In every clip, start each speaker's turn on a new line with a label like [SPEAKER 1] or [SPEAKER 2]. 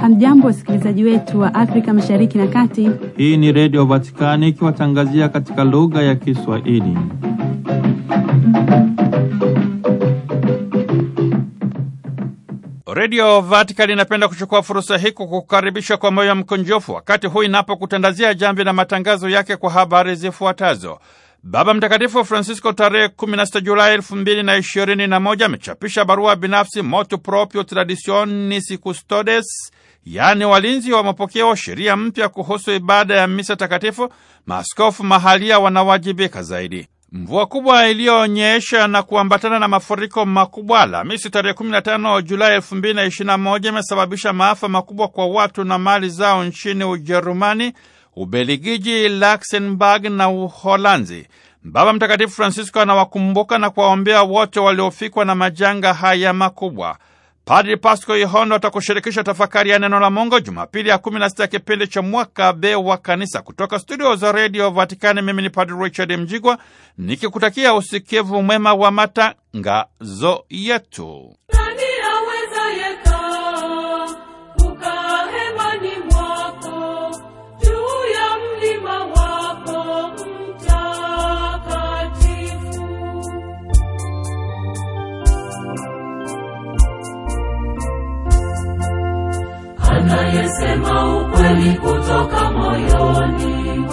[SPEAKER 1] Hamjambo, wasikilizaji wetu wa Afrika Mashariki na Kati.
[SPEAKER 2] Hii ni Redio Vatikani ikiwatangazia katika lugha ya Kiswahili. Redio Vatikani inapenda kuchukua fursa hii kukukaribisha kwa moyo mkonjofu wakati huu inapokutandazia jamvi na matangazo yake kwa habari zifuatazo. Baba Mtakatifu Francisco tarehe 16 Julai 2021 amechapisha barua binafsi Motu Proprio Traditionis Custodes, yaani walinzi wa mapokeo, sheria mpya kuhusu ibada ya misa takatifu. Maaskofu mahalia wanawajibika zaidi. Mvua kubwa iliyonyesha na kuambatana na mafuriko makubwa Alhamisi tarehe 15 Julai 2021 imesababisha maafa makubwa kwa watu na mali zao nchini Ujerumani Ubelgiji, Luxembourg na Uholanzi. Baba Mtakatifu Francisco anawakumbuka na kuwaombea wote waliofikwa na majanga haya makubwa. Padri pasco Ihondo atakushirikisha tafakari ya neno la Mungu Jumapili ya 16 ya kipindi cha mwaka B wa kanisa. Kutoka studio za redio Vatikani, mimi ni Padri Richard Mjigwa nikikutakia usikivu mwema wa matangazo yetu.
[SPEAKER 3] anayesema ukweli kutoka moyoni,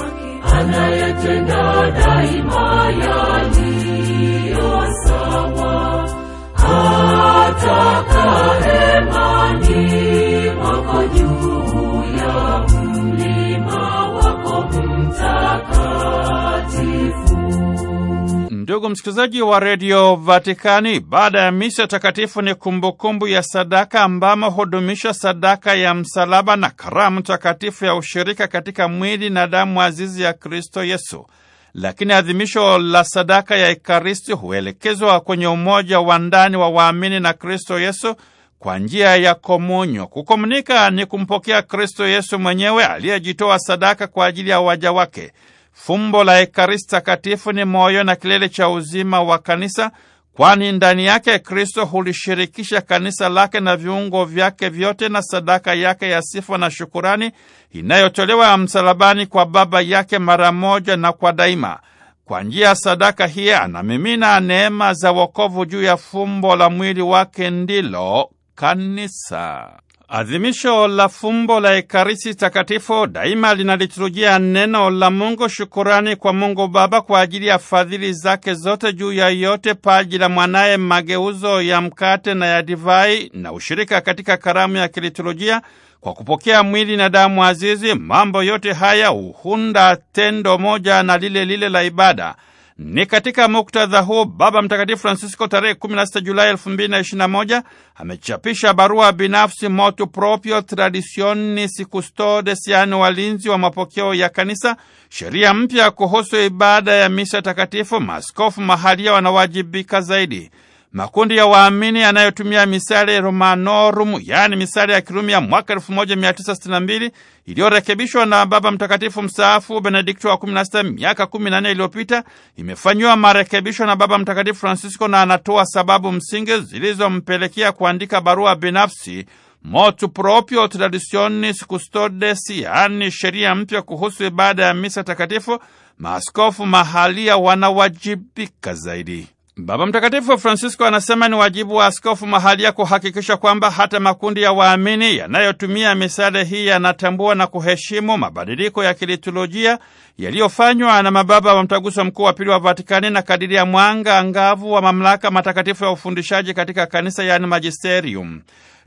[SPEAKER 3] anayetenda daima yaliyo sawa.
[SPEAKER 2] Ndugu msikilizaji wa redio Vatikani, baada ya misa takatifu ni kumbukumbu kumbu ya sadaka ambamo hudumisha sadaka ya msalaba na karamu takatifu ya ushirika katika mwili na damu azizi ya Kristo Yesu. Lakini adhimisho la sadaka ya Ekaristi huelekezwa kwenye umoja wa ndani wa waamini na Kristo Yesu kwa njia ya komunyo. Kukomunika ni kumpokea Kristo Yesu mwenyewe aliyejitoa sadaka kwa ajili ya waja wake. Fumbo la Ekaristi Takatifu ni moyo na kilele cha uzima wa kanisa, kwani ndani yake Kristo hulishirikisha kanisa lake na viungo vyake vyote na sadaka yake ya sifa na shukurani inayotolewa msalabani kwa Baba yake mara moja na kwa daima. Kwa njia ya sadaka hii anamimina neema za wokovu juu ya fumbo la mwili wake, ndilo kanisa. Adhimisho la fumbo la Ekaristi Takatifu daima lina liturujia neno la Mungu, shukurani kwa Mungu Baba kwa ajili ya fadhili zake zote juu ya yote, paji la mwanaye, mageuzo ya mkate na ya divai, na ushirika katika karamu ya kiliturujia kwa kupokea mwili na damu azizi. Mambo yote haya uhunda tendo moja na lile lile la ibada. Ni katika muktadha huo Baba Mtakatifu Francisco tarehe 16 Julai 2021 amechapisha barua binafsi Motu Proprio Traditionis Custodes, yaani walinzi wa mapokeo ya Kanisa, sheria mpya kuhusu ibada ya misa takatifu, maaskofu mahalia wanawajibika zaidi makundi ya waamini yanayotumia misale Romanorum, yaani misale ya Kirumi ya mwaka 1962 iliyorekebishwa na Baba Mtakatifu mstaafu Benedikto wa 16 miaka 14 iliyopita imefanyiwa marekebisho na Baba Mtakatifu Francisco na anatoa sababu msingi zilizompelekea kuandika barua binafsi Motu proprio traditionis custodes, yaani sheria mpya kuhusu ibada ya misa takatifu. Maaskofu mahalia wanawajibika zaidi. Baba Mtakatifu Francisco anasema ni wajibu wa askofu mahali ya kuhakikisha kwamba hata makundi ya waamini yanayotumia misaada hii yanatambua na kuheshimu mabadiliko ya kiliturujia yaliyofanywa na mababa wa Mtaguso Mkuu wa Pili wa Vatikani na kadiri ya mwanga angavu wa mamlaka matakatifu ya ufundishaji katika kanisa, yaani magisterium.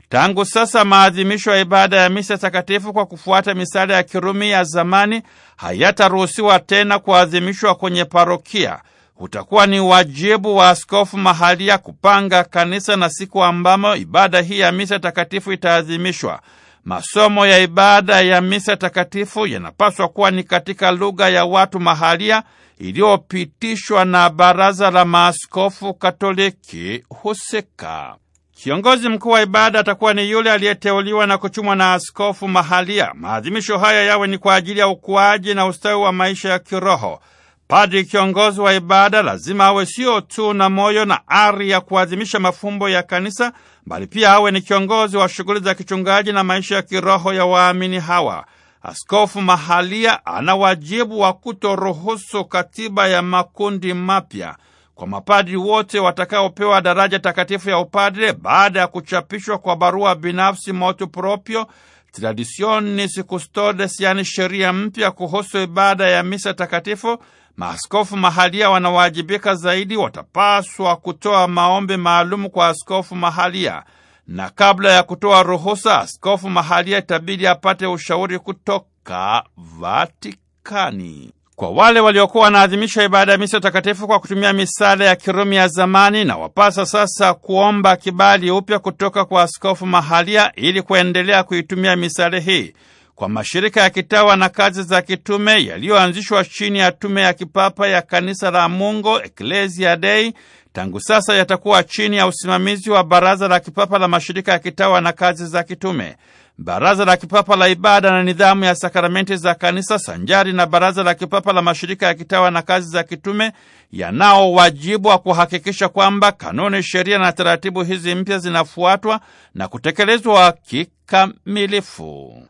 [SPEAKER 2] Tangu sasa maadhimisho ya ibada ya misa takatifu kwa kufuata misaada ya Kirumi ya zamani hayataruhusiwa tena kuadhimishwa kwenye parokia utakuwa ni wajibu wa askofu mahalia kupanga kanisa na siku ambamo ibada hii ya misa takatifu itaadhimishwa. Masomo ya ibada ya misa takatifu yanapaswa kuwa ni katika lugha ya watu mahalia iliyopitishwa na Baraza la Maaskofu Katoliki husika. Kiongozi mkuu wa ibada atakuwa ni yule aliyeteuliwa na kuchumwa na askofu mahalia. Maadhimisho haya yawe ni kwa ajili ya ukuaji na ustawi wa maisha ya kiroho. Padri kiongozi wa ibada lazima awe sio tu na moyo na ari ya kuadhimisha mafumbo ya kanisa, bali pia awe ni kiongozi wa shughuli za kichungaji na maisha ya kiroho ya waamini hawa. Askofu mahalia ana wajibu wa kutoruhusu katiba ya makundi mapya kwa mapadri wote watakaopewa daraja takatifu ya upadre baada ya kuchapishwa kwa barua binafsi motu proprio Traditionis Custodes, yaani sheria mpya kuhusu ibada ya misa takatifu Maaskofu mahalia wanawajibika zaidi, watapaswa kutoa maombi maalumu kwa askofu mahalia, na kabla ya kutoa ruhusa, askofu mahalia itabidi apate ushauri kutoka Vatikani. Kwa wale waliokuwa wanaadhimisha ibada ya misa takatifu kwa kutumia misala ya Kirumi ya zamani, na wapasa sasa kuomba kibali upya kutoka kwa askofu mahalia ili kuendelea kuitumia misale hii kwa mashirika ya kitawa na kazi za kitume yaliyoanzishwa chini ya tume ya kipapa ya kanisa la Mungu Ecclesia Dei tangu sasa yatakuwa chini ya usimamizi wa Baraza la Kipapa la Mashirika ya Kitawa na Kazi za Kitume. Baraza la Kipapa la Ibada na Nidhamu ya Sakramenti za Kanisa sanjari na Baraza la Kipapa la Mashirika ya Kitawa na Kazi za Kitume yanao wajibu wa kuhakikisha kwamba kanuni, sheria na taratibu hizi mpya zinafuatwa na kutekelezwa kikamilifu.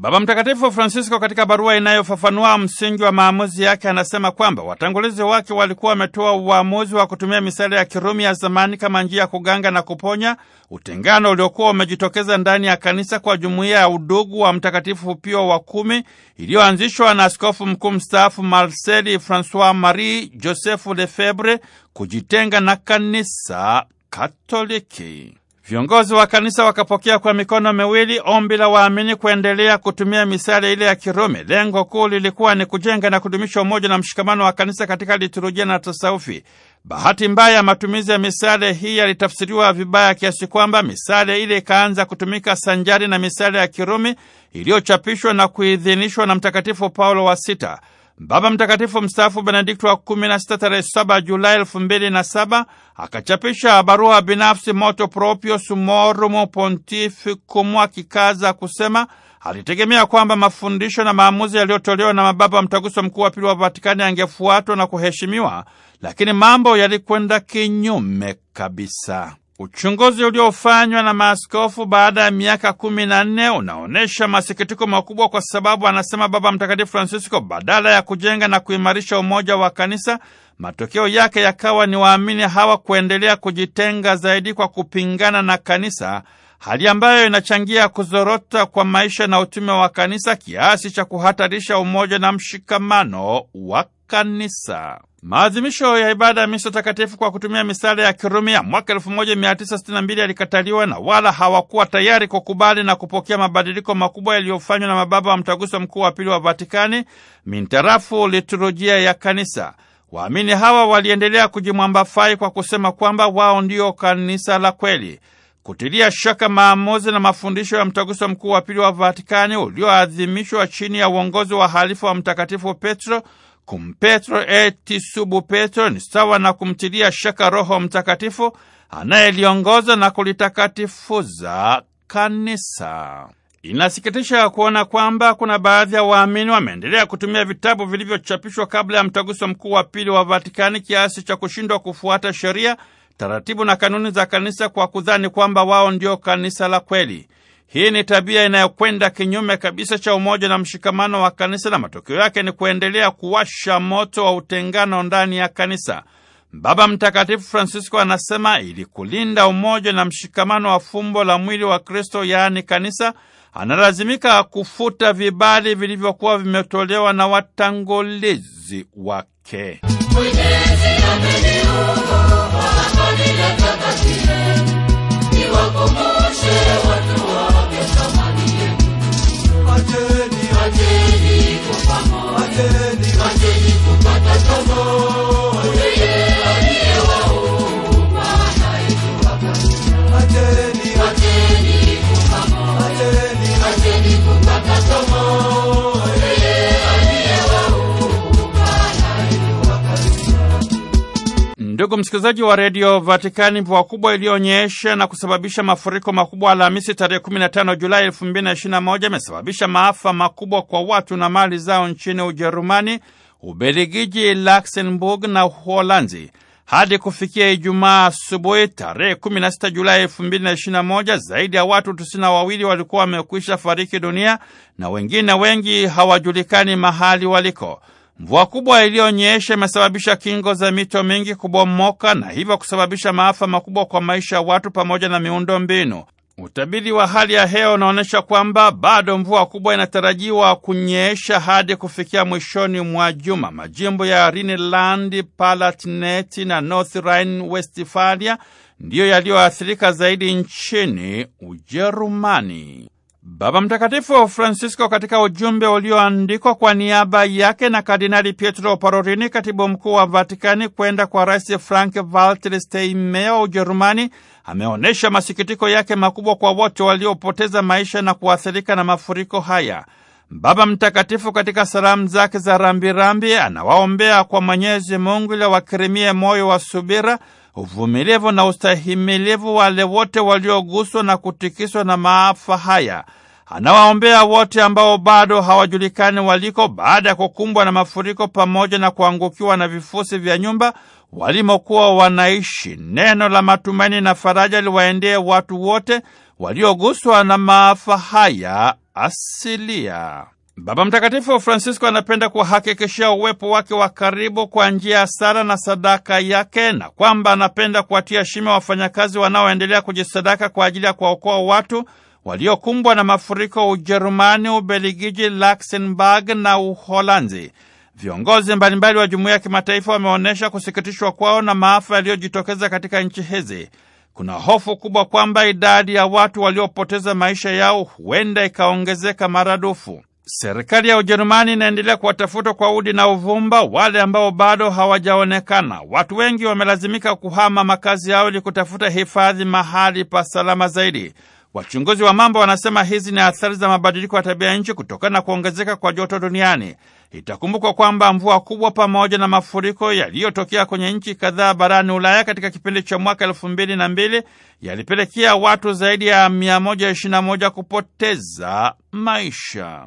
[SPEAKER 2] Baba Mtakatifu Francisco katika barua inayofafanua msingi wa maamuzi yake anasema kwamba watangulizi wake walikuwa wametoa uamuzi wa kutumia misale ya Kirumi ya zamani kama njia ya kuganga na kuponya utengano uliokuwa umejitokeza ndani ya kanisa kwa jumuiya ya udugu wa Mtakatifu Pio wa kumi iliyoanzishwa na askofu mkuu mstaafu marcel Francois Marie Joseph Lefebvre kujitenga na kanisa Katoliki. Viongozi wa kanisa wakapokea kwa mikono miwili ombi la waamini kuendelea kutumia misale ile ya Kirumi. Lengo kuu lilikuwa ni kujenga na kudumisha umoja na mshikamano wa kanisa katika liturujia na tasaufi Bahati mbaya, matumizi ya misale hii yalitafsiriwa vibaya kiasi kwamba misale ile ikaanza kutumika sanjari na misale ya Kirumi iliyochapishwa na kuidhinishwa na Mtakatifu Paulo wa Sita. Baba Mtakatifu mstaafu Benedikto wa 16 tarehe 7 Julai 2007 akachapisha barua binafsi moto proprio sumorum pontificum, akikaza kusema alitegemea kwamba mafundisho na maamuzi yaliyotolewa na mababa wa mtaguso mkuu wa pili wa Vatikani yangefuatwa na kuheshimiwa, lakini mambo yalikwenda kinyume kabisa. Uchunguzi uliofanywa na maaskofu baada ya miaka kumi na nne unaonyesha masikitiko makubwa, kwa sababu anasema Baba Mtakatifu Francisco, badala ya kujenga na kuimarisha umoja wa kanisa, matokeo yake yakawa ni waamini hawa kuendelea kujitenga zaidi kwa kupingana na kanisa, hali ambayo inachangia kuzorota kwa maisha na utume wa kanisa kiasi cha kuhatarisha umoja na mshikamano wa kanisa. Maadhimisho ya ibada ya misa takatifu kwa kutumia misala ya kirumi ya mwaka 1962 yalikataliwa na wala hawakuwa tayari kukubali na kupokea mabadiliko makubwa yaliyofanywa na mababa wa mtaguso mkuu wa pili wa Vatikani mintarafu liturujia ya kanisa. Waamini hawa waliendelea kujimwambafai kwa kusema kwamba wao ndio kanisa la kweli. Kutilia shaka maamuzi na mafundisho ya mtaguso mkuu wa pili wa Vatikani ulioadhimishwa chini ya uongozi wa halifa wa Mtakatifu Petro Kumpetro eti subu Petro ni sawa na kumtilia shaka Roho Mtakatifu anayeliongoza na kulitakatifuza kanisa. Inasikitisha kuona kwamba kuna baadhi ya waamini wameendelea kutumia vitabu vilivyochapishwa kabla ya mtaguso mkuu wa pili wa Vatikani kiasi cha kushindwa kufuata sheria, taratibu na kanuni za kanisa kwa kudhani kwamba wao ndio kanisa la kweli. Hii ni tabia inayokwenda kinyume kabisa cha umoja na mshikamano wa kanisa na matokeo yake ni kuendelea kuwasha moto wa utengano ndani ya kanisa. Baba Mtakatifu Francisco anasema ili kulinda umoja na mshikamano wa fumbo la mwili wa Kristo, yaani kanisa, analazimika kufuta vibali vilivyokuwa vimetolewa na watangulizi wake.
[SPEAKER 3] Wacheni kupata tamaa.
[SPEAKER 2] Ndugu msikilizaji wa redio Vatikani, mvua kubwa iliyoonyesha na kusababisha mafuriko makubwa Alhamisi tarehe 15 Julai 2021 imesababisha maafa makubwa kwa watu na mali zao nchini Ujerumani, Ubelgiji, Luxembourg na Uholanzi. Hadi kufikia Ijumaa asubuhi tarehe 16 Julai 2021, zaidi ya watu 92 wawili walikuwa wamekwisha fariki dunia na wengine wengi hawajulikani mahali waliko. Mvua kubwa iliyonyesha imesababisha kingo za mito mingi kubomoka na hivyo kusababisha maafa makubwa kwa maisha ya watu pamoja na miundo mbinu. Utabiri wa hali ya hewa unaonyesha kwamba bado mvua kubwa inatarajiwa kunyesha hadi kufikia mwishoni mwa juma. Majimbo ya Rhineland Palatinate na North Rhine Westphalia ndiyo yaliyoathirika zaidi nchini Ujerumani. Baba Mtakatifu Francisco katika ujumbe ulioandikwa kwa niaba yake na Kardinali Pietro Parolin, katibu mkuu wa Vatikani, kwenda kwa Rais Frank Walter Steinmeier wa Ujerumani, ameonyesha masikitiko yake makubwa kwa wote waliopoteza maisha na kuathirika na mafuriko haya. Baba Mtakatifu katika salamu zake za rambirambi anawaombea kwa Mwenyezi Mungu ili wakirimie moyo wa subira uvumilivu na ustahimilivu wale wote walioguswa na kutikiswa na maafa haya. Anawaombea wote ambao bado hawajulikani waliko baada ya kukumbwa na mafuriko pamoja na kuangukiwa na vifusi vya nyumba walimokuwa wanaishi. Neno la matumaini na faraja liwaendee watu wote walioguswa na maafa haya asilia. Baba Mtakatifu Francisco anapenda kuwahakikishia uwepo wake wa karibu kwa njia ya sala na sadaka yake na kwamba anapenda kuwatia shime wafanyakazi wanaoendelea kujisadaka kwa ajili ya kuwaokoa watu waliokumbwa na mafuriko Ujerumani, ubeligiji Luxembourg na Uholanzi. Viongozi mbalimbali wa jumuiya ya kimataifa wameonyesha kusikitishwa kwao na maafa yaliyojitokeza katika nchi hizi. Kuna hofu kubwa kwamba idadi ya watu waliopoteza maisha yao huenda ikaongezeka maradufu. Serikali ya Ujerumani inaendelea kuwatafuta kwa udi na uvumba wale ambao bado hawajaonekana. Watu wengi wamelazimika kuhama makazi yao ili kutafuta hifadhi mahali pa salama zaidi. Wachunguzi wa mambo wanasema hizi ni athari za mabadiliko ya tabia nchi kutokana na kuongezeka kwa joto duniani. Itakumbukwa kwamba mvua kubwa pamoja na mafuriko yaliyotokea kwenye nchi kadhaa barani Ulaya katika kipindi cha mwaka elfu mbili na mbili yalipelekea watu zaidi ya 121 kupoteza maisha.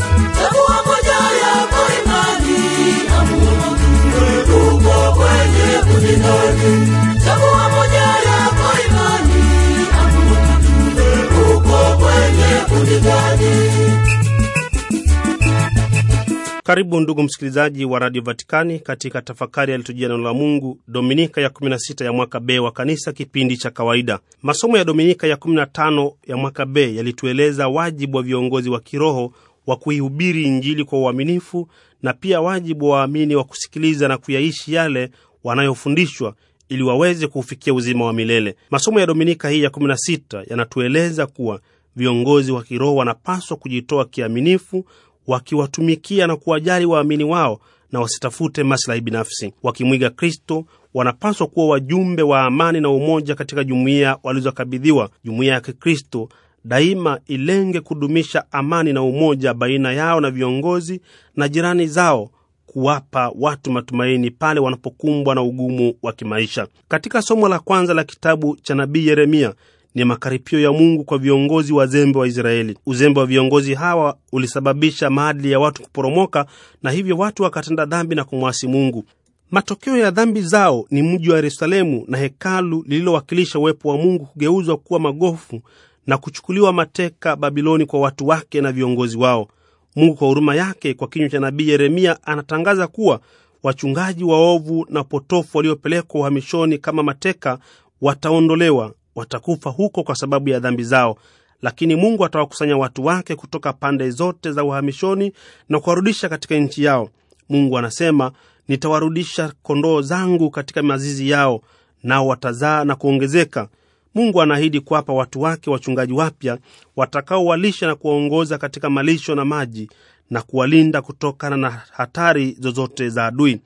[SPEAKER 1] Karibu ndugu msikilizaji wa Radio Vatikani katika tafakari ya neno la Mungu, dominika ya 16 ya mwaka B wa Kanisa, kipindi cha kawaida. Masomo ya dominika ya 15 ya mwaka B yalitueleza wajibu wa viongozi wa kiroho wa kuihubiri Injili kwa uaminifu na pia wajibu wa waamini wa kusikiliza na kuyaishi yale wanayofundishwa ili waweze kuufikia uzima wa milele. Masomo ya dominika hii ya 16 yanatueleza kuwa Viongozi wa kiroho wanapaswa kujitoa kiaminifu, wakiwatumikia na kuwajali waamini wao na wasitafute maslahi binafsi. Wakimwiga Kristo, wanapaswa kuwa wajumbe wa amani na umoja katika jumuiya walizokabidhiwa. Jumuiya ya Kikristo daima ilenge kudumisha amani na umoja baina yao na viongozi na jirani zao, kuwapa watu matumaini pale wanapokumbwa na ugumu wa kimaisha. Katika somo la kwanza la kitabu cha nabii Yeremia ni makaripio ya Mungu kwa viongozi wazembe wa Israeli. Uzembe wa viongozi hawa ulisababisha maadili ya watu kuporomoka, na hivyo watu wakatenda dhambi na kumwasi Mungu. Matokeo ya dhambi zao ni mji wa Yerusalemu na hekalu lililowakilisha uwepo wa Mungu kugeuzwa kuwa magofu na kuchukuliwa mateka Babiloni kwa watu wake na viongozi wao. Mungu kwa huruma yake, kwa kinywa cha nabii Yeremia, anatangaza kuwa wachungaji waovu na potofu waliopelekwa uhamishoni kama mateka wataondolewa watakufa huko kwa sababu ya dhambi zao, lakini Mungu atawakusanya watu wake kutoka pande zote za uhamishoni na kuwarudisha katika nchi yao. Mungu anasema, nitawarudisha kondoo zangu katika mazizi yao, nao watazaa na kuongezeka. Mungu anaahidi kuwapa watu wake wachungaji wapya watakaowalisha na kuwaongoza katika malisho na maji na kuwalinda kutokana na hatari zozote za adui.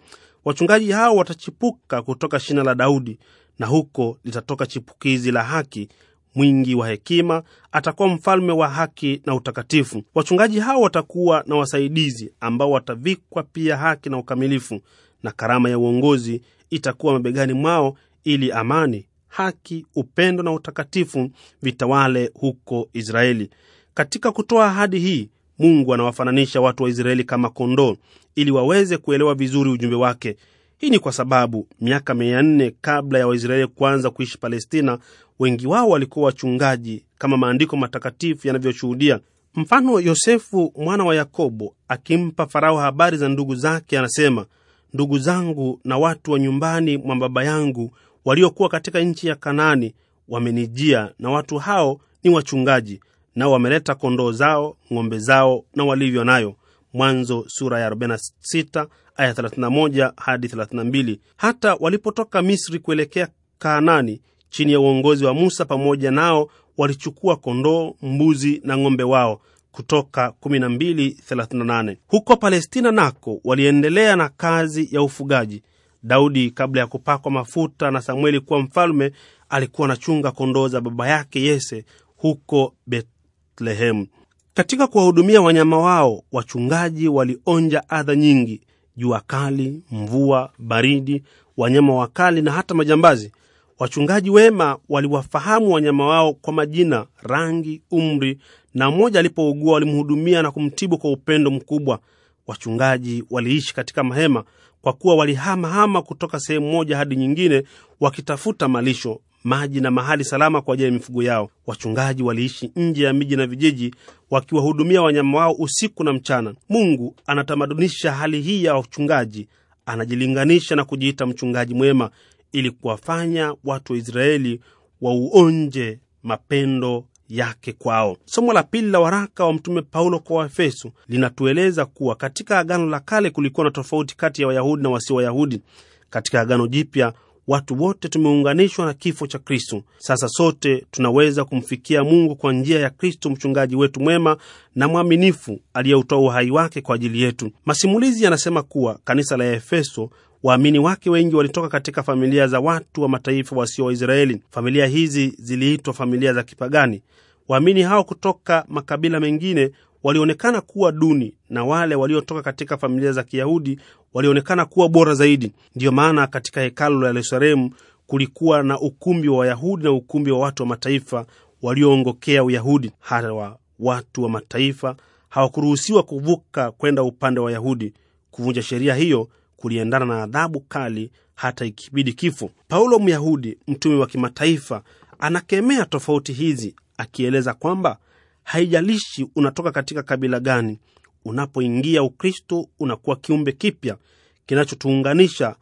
[SPEAKER 1] Wachungaji hao watachipuka kutoka shina la Daudi na huko litatoka chipukizi la haki mwingi wa hekima atakuwa mfalme wa haki na utakatifu. Wachungaji hao watakuwa na wasaidizi ambao watavikwa pia haki na ukamilifu, na karama ya uongozi itakuwa mabegani mwao, ili amani, haki, upendo na utakatifu vitawale huko Israeli. Katika kutoa ahadi hii, Mungu anawafananisha watu wa Israeli kama kondoo, ili waweze kuelewa vizuri ujumbe wake. Hii ni kwa sababu miaka mia nne kabla ya Waisraeli kuanza kuishi Palestina, wengi wao walikuwa wachungaji kama maandiko matakatifu yanavyoshuhudia. Mfano, Yosefu mwana wa Yakobo akimpa Farao habari za ndugu zake, anasema, ndugu zangu na watu wa nyumbani mwa baba yangu waliokuwa katika nchi ya Kanaani wamenijia, na watu hao ni wachungaji, nao wameleta kondoo zao, ng'ombe zao na walivyo nayo. Mwanzo sura ya 46 aya 31 hadi 32. Hata walipotoka Misri kuelekea Kaanani chini ya uongozi wa Musa pamoja nao walichukua kondoo, mbuzi na ng'ombe wao kutoka 12:38. Huko Palestina nako waliendelea na kazi ya ufugaji. Daudi kabla ya kupakwa mafuta na Samueli kuwa mfalme alikuwa anachunga kondoo za baba yake Yese huko Bethlehemu. Katika kuwahudumia wanyama wao, wachungaji walionja adha nyingi jua kali, mvua, baridi, wanyama wakali na hata majambazi. Wachungaji wema waliwafahamu wanyama wao kwa majina, rangi, umri, na mmoja alipougua walimhudumia na kumtibu kwa upendo mkubwa. Wachungaji waliishi katika mahema kwa kuwa walihamahama kutoka sehemu moja hadi nyingine wakitafuta malisho maji na mahali salama kwa ajili ya mifugo yao. Wachungaji waliishi nje ya miji na vijiji wakiwahudumia wanyama wao usiku na mchana. Mungu anatamadunisha hali hii ya wachungaji, anajilinganisha na kujiita mchungaji mwema ili kuwafanya watu wa Israeli wauonje mapendo yake kwao. Somo la pili la waraka wa Mtume Paulo kwa Waefeso linatueleza kuwa katika Agano la Kale kulikuwa na tofauti kati ya Wayahudi na wasio Wayahudi. Katika Agano Jipya Watu wote tumeunganishwa na kifo cha Kristo. Sasa sote tunaweza kumfikia Mungu kwa njia ya Kristo, mchungaji wetu mwema na mwaminifu, aliyeutoa uhai wake kwa ajili yetu. Masimulizi yanasema kuwa kanisa la Efeso waamini wake wengi walitoka katika familia za watu wa mataifa wasio Waisraeli. Familia hizi ziliitwa familia za kipagani. Waamini hao kutoka makabila mengine walionekana kuwa duni na wale waliotoka katika familia za Kiyahudi walionekana kuwa bora zaidi. Ndiyo maana katika hekalu la Yerusalemu kulikuwa na ukumbi wa Wayahudi na ukumbi wa watu wa mataifa walioongokea Uyahudi. hawa watu wa mataifa hawakuruhusiwa kuvuka kwenda upande wa Wayahudi. Kuvunja sheria hiyo kuliendana na adhabu kali, hata ikibidi kifo. Paulo, Myahudi mtume wa kimataifa, anakemea tofauti hizi akieleza kwamba Haijalishi unatoka katika kabila gani, unapoingia Ukristo unakuwa kiumbe kipya. Kinachotuunganisha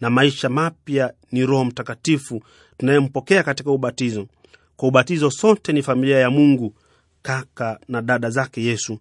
[SPEAKER 1] na maisha mapya ni Roho Mtakatifu tunayempokea katika ubatizo. Kwa ubatizo sote ni familia ya Mungu, kaka na dada zake Yesu.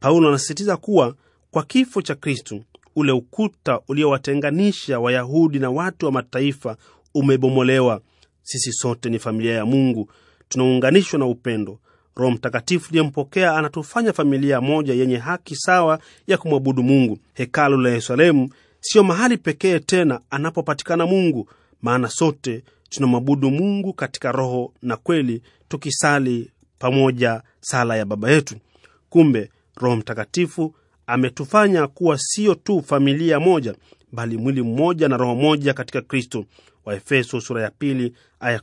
[SPEAKER 1] Paulo anasisitiza kuwa kwa kifo cha Kristu ule ukuta uliowatenganisha Wayahudi na watu wa mataifa umebomolewa. Sisi sote ni familia ya Mungu, tunaunganishwa na upendo. Roho Mtakatifu liyempokea anatufanya familia moja yenye haki sawa ya kumwabudu Mungu. Hekalu la Yerusalemu siyo mahali pekee tena anapopatikana Mungu, maana sote tunamwabudu Mungu katika roho na kweli, tukisali pamoja sala ya Baba yetu. Kumbe Roho Mtakatifu ametufanya kuwa siyo tu familia moja, bali mwili mmoja na roho moja katika Kristo. Waefeso sura ya pili aya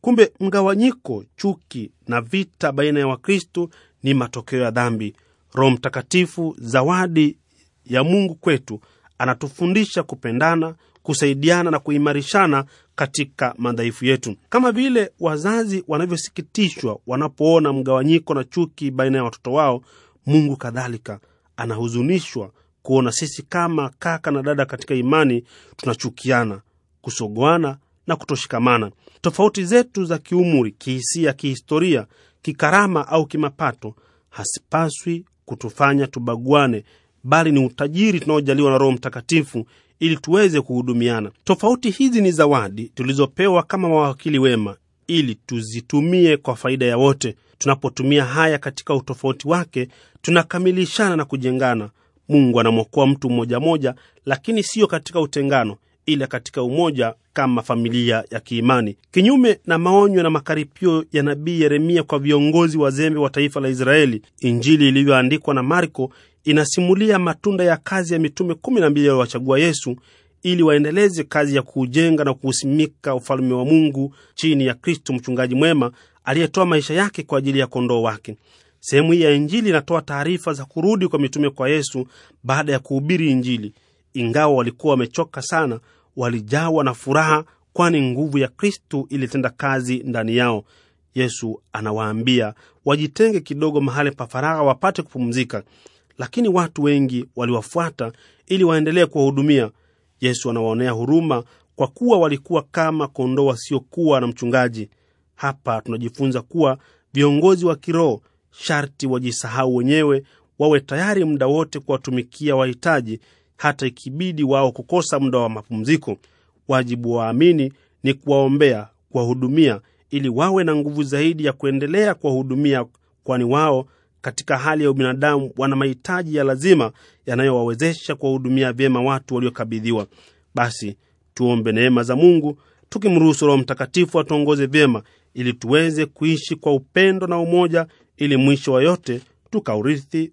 [SPEAKER 1] Kumbe mgawanyiko, chuki na vita baina ya Wakristo ni matokeo ya dhambi. Roho Mtakatifu, zawadi ya Mungu kwetu, anatufundisha kupendana, kusaidiana na kuimarishana katika madhaifu yetu, kama vile wazazi wanavyosikitishwa wanapoona mgawanyiko na chuki baina ya watoto wao. Mungu kadhalika anahuzunishwa kuona sisi kama kaka na dada katika imani tunachukiana kusogoana na kutoshikamana. Tofauti zetu za kiumri, kihisia, kihistoria, kikarama au kimapato hasipaswi kutufanya tubaguane, bali ni utajiri tunaojaliwa na Roho Mtakatifu ili tuweze kuhudumiana. Tofauti hizi ni zawadi tulizopewa kama mawakili wema, ili tuzitumie kwa faida ya wote. Tunapotumia haya katika utofauti wake, tunakamilishana na kujengana. Mungu anamwokoa mtu mmoja moja lakini siyo katika utengano, ila katika umoja kama familia ya kiimani. Kinyume na maonyo na makaripio ya nabii Yeremia kwa viongozi wazembe wa taifa la Israeli, Injili iliyoandikwa na Marko inasimulia matunda ya kazi ya mitume kumi na mbili Yesu ili waendeleze kazi ya kuujenga na kuusimika ufalume wa Mungu chini ya Kristo, mchungaji mwema aliyetoa maisha yake kwa ajili ya kondoo wake. Sehemu hii ya Injili inatoa taarifa za kurudi kwa mitume kwa Yesu baada ya kuhubiri Injili ingawa walikuwa wamechoka sana, walijawa na furaha, kwani nguvu ya Kristu ilitenda kazi ndani yao. Yesu anawaambia wajitenge kidogo mahali pa faragha wapate kupumzika, lakini watu wengi waliwafuata ili waendelee kuwahudumia. Yesu anawaonea huruma kwa kuwa walikuwa kama kondoo wasiokuwa na mchungaji. Hapa tunajifunza kuwa viongozi wa kiroho sharti wajisahau wenyewe, wawe tayari muda wote kuwatumikia wahitaji, hata ikibidi wao kukosa muda wa mapumziko. Wajibu waamini ni kuwaombea, kuwahudumia, ili wawe na nguvu zaidi ya kuendelea kuwahudumia, kwani wao katika hali ya ubinadamu wana mahitaji ya lazima yanayowawezesha kuwahudumia vyema watu waliokabidhiwa. Basi tuombe neema za Mungu tukimruhusu Roho Mtakatifu atuongoze vyema ili tuweze kuishi kwa upendo na umoja, ili mwisho wa yote tukaurithi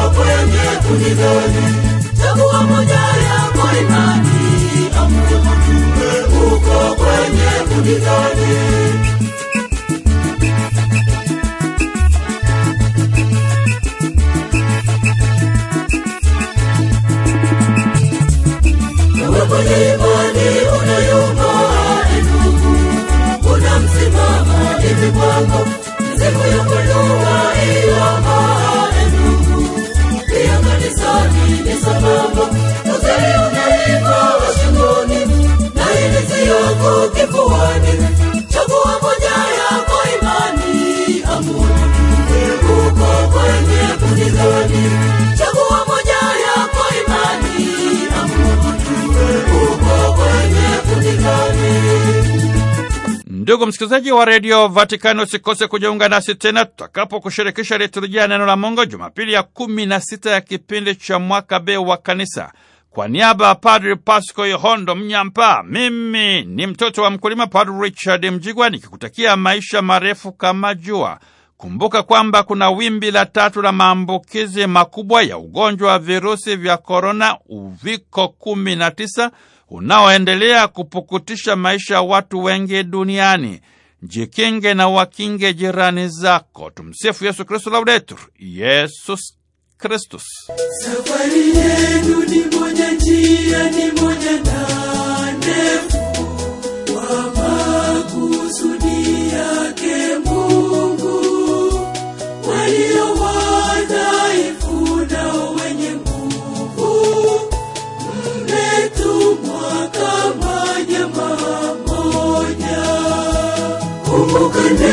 [SPEAKER 3] kwenye kunidhani chagua moja yako imani amri mtume uko kwenye kunidhani
[SPEAKER 2] Msikilizaji wa redio Vatikani, usikose kujiunga nasi tena tutakapokushirikisha liturujia ya neno la Mungu Jumapili ya kumi na sita ya kipindi cha mwaka B wa Kanisa. Kwa niaba ya Padri Pasco Yohondo Mnyampa, mimi ni mtoto wa mkulima Padri Richard Mjigwa, nikikutakia maisha marefu kama jua. Kumbuka kwamba kuna wimbi la tatu la maambukizi makubwa ya ugonjwa wa virusi vya korona uviko 19 unaoendelea kupukutisha maisha ya watu wengi duniani. Jikinge na wakinge jirani zako. Tumsifu Yesu Kristu, laudetur Yesus Kristus.
[SPEAKER 3] Safari yetu ni moja, njia ni moja na ndefu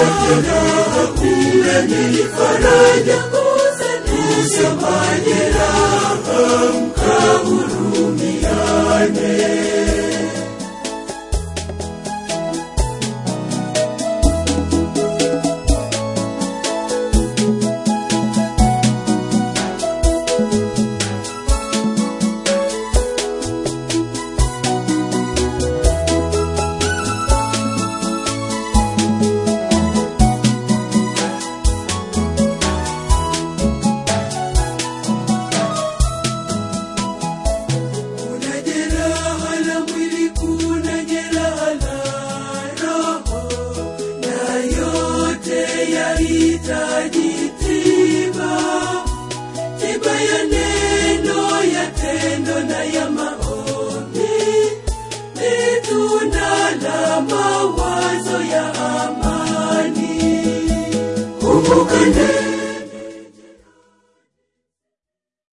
[SPEAKER 3] tuonyana uwe ni faraja tusemanye raha mkahurumiane